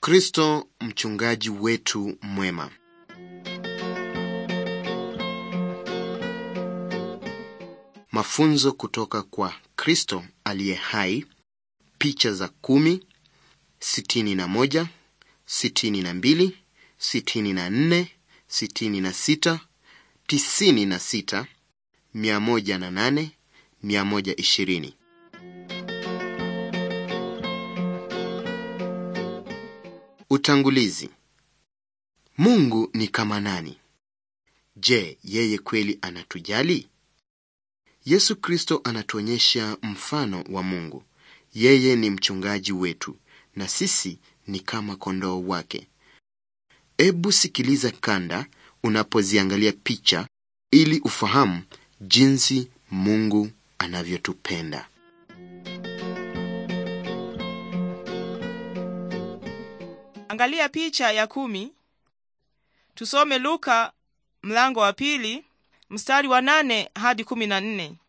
Kristo mchungaji wetu mwema. Mafunzo kutoka kwa Kristo aliye hai, picha za kumi, sitini na moja, sitini na mbili, sitini na nne, sitini na sita, tisini na sita, mia moja na nane, mia moja ishirini. Utangulizi. Mungu ni kama nani? Je, yeye kweli anatujali? Yesu Kristo anatuonyesha mfano wa Mungu. Yeye ni mchungaji wetu na sisi ni kama kondoo wake. Ebu sikiliza kanda unapoziangalia picha ili ufahamu jinsi Mungu anavyotupenda. Angalia picha ya kumi. Tusome Luka mlango wa pili mstari wa nane hadi kumi na nne.